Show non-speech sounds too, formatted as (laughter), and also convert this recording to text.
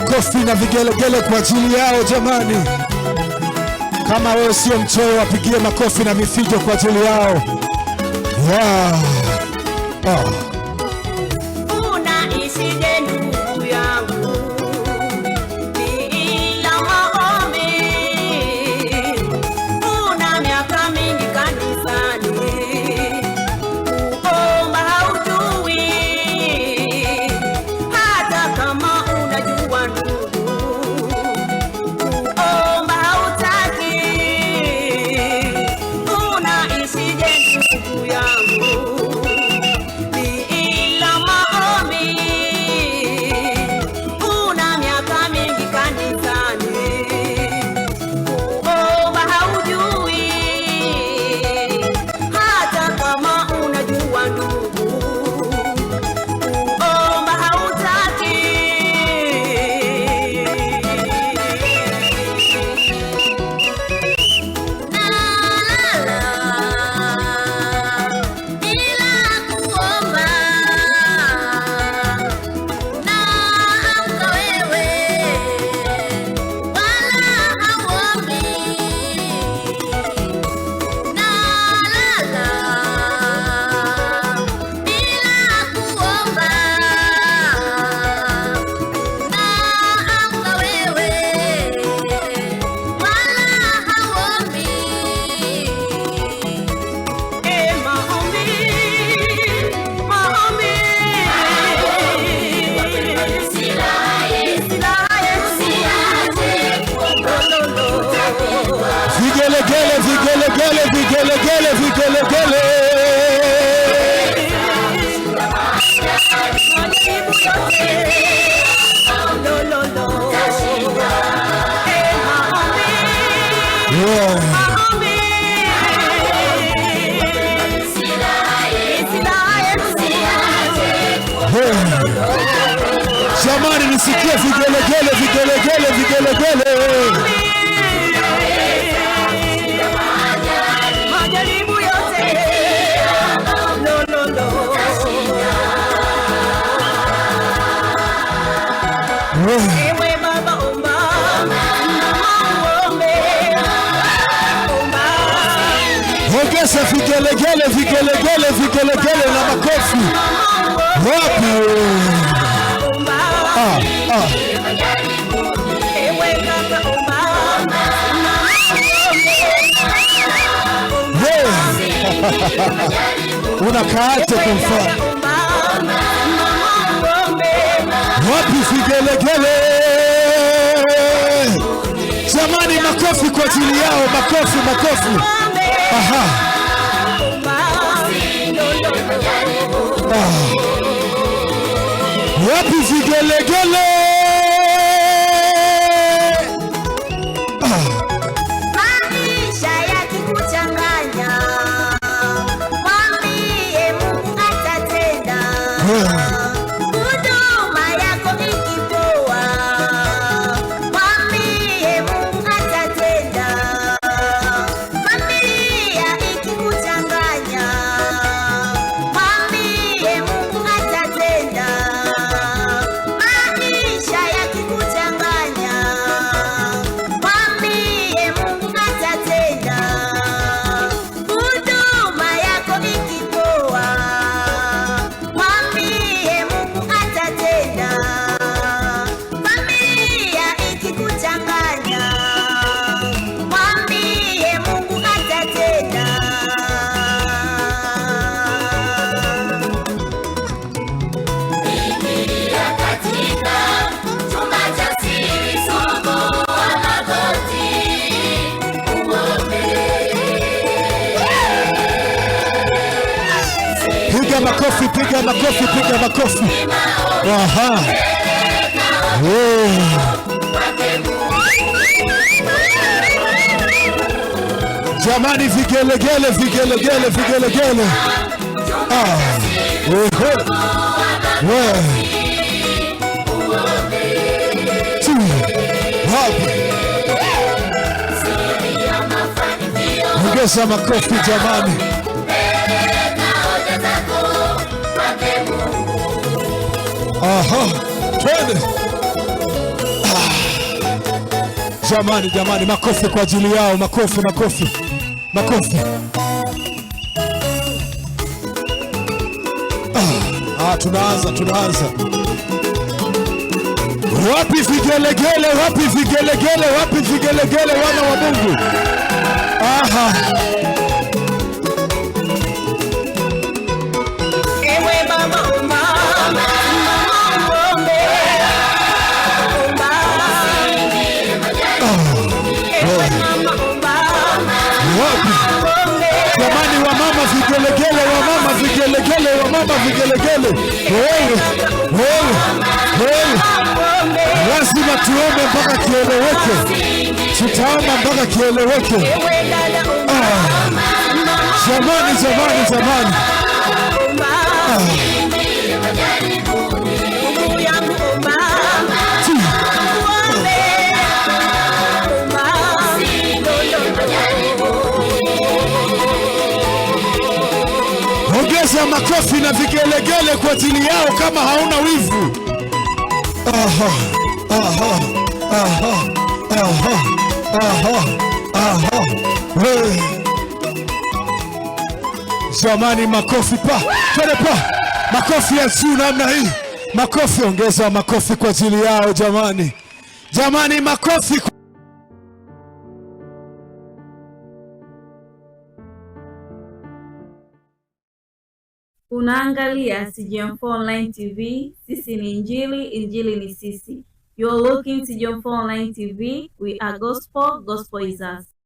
makofi na vigelegele kwa ajili yao jamani. Kama wewe sio mchoyo, wapigie makofi na mifijo kwa ajili yao. Yeah. Oh. vigelegele, vigelegele yeah. Jamani, nisikie vigelegele, vigelegele, vigelegele Ongeza vigelegele, vigelegele, vigelegele na makofi. Wapi? Ah, ah. (laughs) wapi vigelegele jamani, makofi kwa ajili yao, makofi makofi. Aha. Ah. Wapi vigelegele makofi, piga makofi, piga makofi. Aha. Eh. Jamani, vigelegele, vigelegele, vigelegele. Ah. Eh. Ongeza makofi jamani. Aha, twende ah. Jamani, jamani, makofi kwa ajili yao, makofi, makofi, makofi ah. Ah, tunaanza, tunaanza. Wapi vigelegele, wapi vigelegele, wapi vigelegele, wana wa Mungu? Aha. Baba, vigelegele lazima tuombe mpaka kieleweke, tutaomba mpaka kieleweke. Ah. Jamani, jamani, jamani. Ah. piga makofi na vigelegele kwa ajili yao kama hauna wivu. Aha, aha, aha, aha, aha, aha. We zamani, makofi pa twende pa makofi ya juu namna hii, makofi ongeza makofi kwa ajili yao jamani, jamani makofi kwa... Unaangalia CGM4 Online TV, sisi ni injili, injili ni sisi. You are looking CGM4 Online TV, we are gospel, gospel is us.